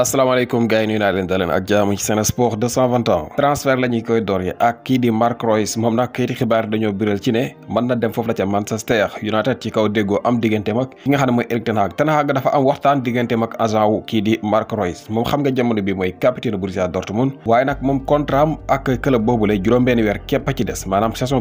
asalaamaaleykum gars yi nuyu naa leen daleen ak jaamu ci Sen Sport 221 transfert la ñuy koy ak kii di Marc Royce moom nag kayiti xibaar dañoo biral ci ne mën na dem foofu la ca Manchester United ci kaw déggoo am diggante mag nga xam ne mooy Erik ten Hag ten Hag waxtaan diggante mag agent wu kii di Marc Royce moom xam nga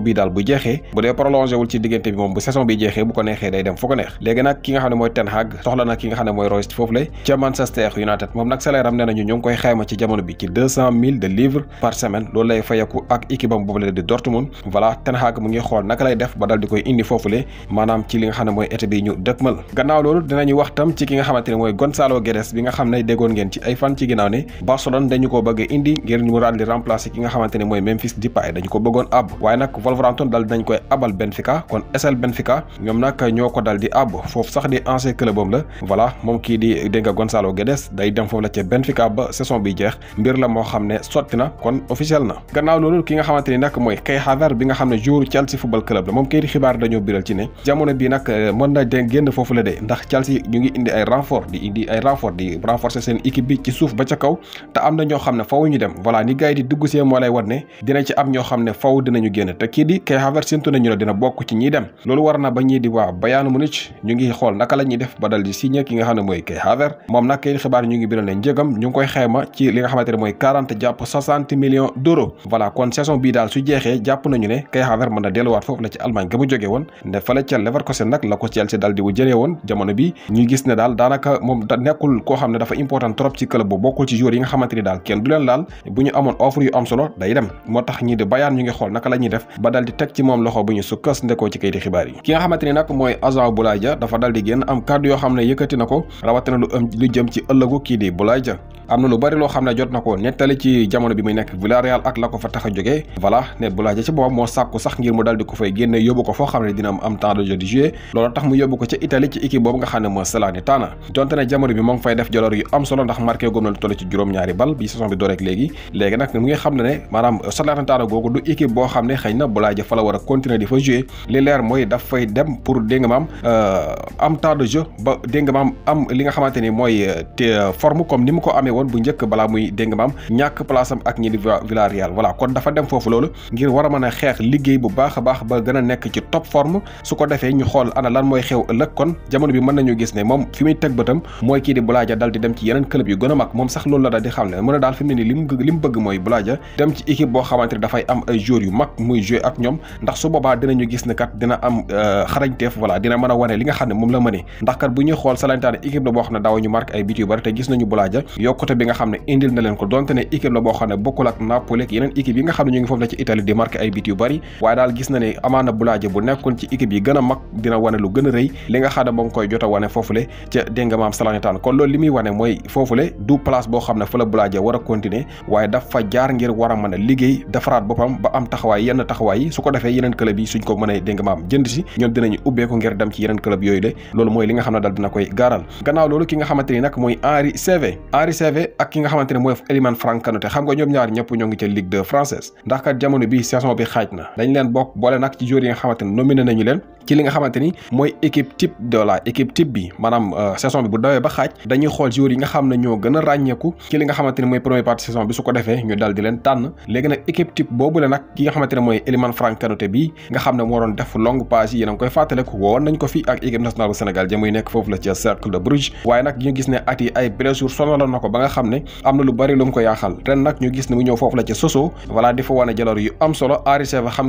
bii daal bu jeexee bu dee prolongé wul ci diggante bi moom bu saison bi jeexee bu ko neexee day dem fu ko neex léegi nag ki nga xam ne mooy ten Hag soxla na ki nga xam ne mooy Royce foofu la ca Manchester United moom nañu ñoo ngi koy xayma ci jamono bi ci mille de livres par semaine loolu lay fayeku ak équipe am di Dortmund voilà Ten Hag mu ngi xool naka lay def ba dal di koy indi foofule maanaam ci li nga xam ne mooy été bi ñu dëkkmal gannaaw loolu dinañu wax ci ki nga xamante mooy Gonçalo Guedes bi nga xam ne déggoon ngeen ci ay fan ci ginnaaw ne Barcelone dañu ko bëgg a indi ngir mu daal di remplacer ki nga xamante ne mooy Memphis Depay dañu ko bëggoon ab waaye nag Wolverhampton dal dinañ koy abal Benfica kon SL foofu la ca Benfica ba saison euh, de ndax Chelsea ñu ngi indi ay renfort di indi ay renfort di renforcer seen équipe bi ci suuf ba ca kaw te am na ñoo xam ne faw dem voilà ni gars di dugg see moo lay wan ne dina ci am ñoo xam ne faw dinañu génn te kii di Kay Havertz séntu nañu ne dina bokk ci ñiy dem loolu war na ba ñii di waa Bayern Munich ñu ngi xool naka la def ba dal di signé ki nga xam ne mooy Kay Havertz moom nag kayit xibaar ñu ngi biral ne njëgam ñu ngi koy xayma ci li nga xamante mooy jàpp 60 millions d'euros voilà kon saison bii daal su jeexee jàpp nañu ne Kai Havertz mën na delluwaat foofu la ci Allemagne ga mu jógee woon ne fale ca Leverkusen nag la ko Chelsea daal di wu woon jamono bi ñuy gis ne daal daanaka moom da nekkul koo xam ne dafa important trop ci club bu bokkul ci joueurs yi nga xamante daal kenn du leen laal bu ñu amoon offre yu am solo day dem moo tax ñi di Bayern Boulaye Dia am na lu bari loo xam ne jot na ko nettali ci jamono bi muy nekk Villarreal ak la ko fa tax a jógee voilà ne Boulaye Dia ci boppam moo sàkku sax ngir mu dal di ko fay génne yóbbu ko foo xam ne dina mu yóbbu ko ne moo Salernitana ne jamono bi moo fay def jaloor yu am solo ndax marqué góom na lu ci juróom-ñaari bal bi saison bi dooreek léegi léegi nag mu ngi xam ne ne maanaam Salernitana googu du équipe boo xam ne xëy na Boulaye Dia fa la war a continuer di euh, ni euh, euh, boobu comme ni mu ko amee woon bu njëkk balaa muy dégg ñàkk place ak ñi di Villarreal voilà kon dafa dem foofu loolu ngir war a mën a xeex liggéey bu baax baax ba gën a nekk ci top forme su ko defee ñu xool ana lan mooy xew ëllëg kon jamono bi mën nañu gis ne ci yeneen club yu gën a mag moom sax la dal di li mu bëgg mooy Boulaye dem ci équipe boo xamante dafay am ay joueurs yu mag muy joué ak ñoom ndax su boobaa dina am euh, xarañteef voilà dina Boulaye yokkute bi nga xam ne indil na leen ko donte ne équipe la boo xam ne bokkul ak Napoli ak nga xam ne ñu a mag dina wane ubbeeku ngir dem ci yeneen club yooyu le loolu mooy li nga xam ne daal dina koy gaaral gannaaw loolu ki nga xamante nag mooy Henri Saivet Henri Saivet ak ki nga xamante ne mooy Eliman Franck Kanouté xam nga ñoom ñaar ñëpp ñoo ngi ca Ligue 2 française ndax kat jamono bi saison bi xaaj na dañ leen bokk boole nag ci joueurs nga xamante ne nañu leen ci li nga xamante ni mooy équipe type de la équipe type bi maanaam euh, saison bi bu dawee ba xaaj dañuy xool joueurs yi nga xam ne ñoo gën a ràññeeku ci li nga xamante ni mooy première partie saison bi su ko defee ñu dal leen tànn léegi nag équipe type boobu la nag ki nga xamante ne mooy Elimane Franck Kanouté bi nga xam ne moo doon def longue passe yi yéen a ngi koy fàttaleku woon nañ ko fii ak équipe nationale bu Sénégal ja nekk foofu la ca cercle de Bruges ko nga xam ne am na lu bari lu ko yaaxal ren nag ñu gis ne foofu la ca Sochaux voilà di fa wane jaloor yu am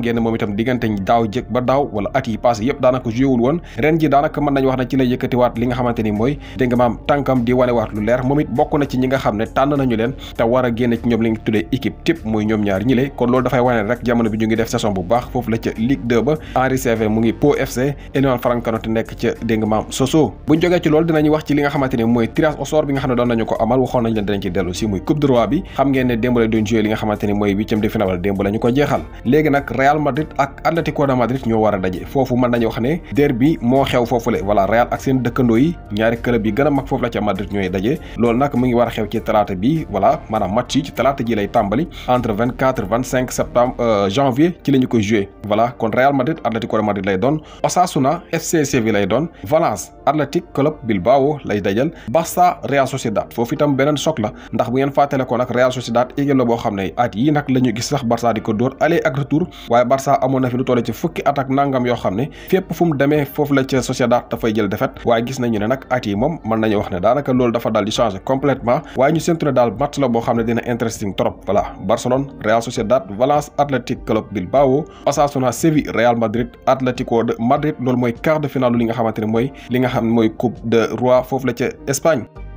ne moom itam diggante yëpp daanaka jewul won ren ji daanaka man nañ wax na ci yëkëti yëkkatiwaat li nga xamanteni moy mooy nga maam tankam di wanewaat lu leer momit bokku na ci ñi nga xamne tan nañu len ta wara a ci ñom li nga équipe tip moy ñom ñaar ñi le kon loolu fay rek jamono bi ñu ngi def saison bu baax fofu la ci Ligue 2 ba Henri CV mu ngi Pau FC Eliman Frankanote nekk ca dégg nga maam soso buñ joggé ci loolu dinañ wax ci li nga xamanteni moy tirage au sort bi nga xamne doon nañu ko amal waxon nañ len dañ ci delu ci moy coupe de roi bi xam ngeen ne dembalé doon joué li nga xamanteni moy 8 de finale ko jéxal légui nak Real Madrid ak Atlético de Madrid ñoo wara dajé fofu man nañu wax derby moo xew foofu le voilà Real ak seen dëkkandoo yi ñaari club yi gën a mag foofu la ca Madrid ñooy daje loolu nag mu ngi war a xew ci talaata bi voilà maanaam match yi ci talaata ji lay tàmbali entre 24 25 septembre euh, janvier ci lañu koy voilà kon Real Madrid Atlético de Madrid lay doon Osasuna FC Sevilla lay doon Valence Athletic Club Bilbao lay dajal Barça Real Sociedad foofu itam beneen choc la ndax bu ngeen fàttale ko nag Real Sociedad igel la boo xam ne at yi nag la gis sax Barça di ko ale aller ak retour waaye Barça amoon na fi lu toll ci fukki attaque nangam yoo xam fépp fu mu demee foofu la ca Sociedad dafay jël defet waaye gis nañu ne nag at yi moom mën nañu wax ne daanaka loolu dafa daal di changé complètement waaye ñu séntu ne daal match la boo xam ne dina interesting trop voilà Barcelone Real Sociedad Valence Athletic Club Bilbao Osasuna Séville Real Madrid Atlético de Madrid loolu mooy quart de finale li nga xamante ne mooy li nga xam ne mooy coupe de roi foofu la ca Espagne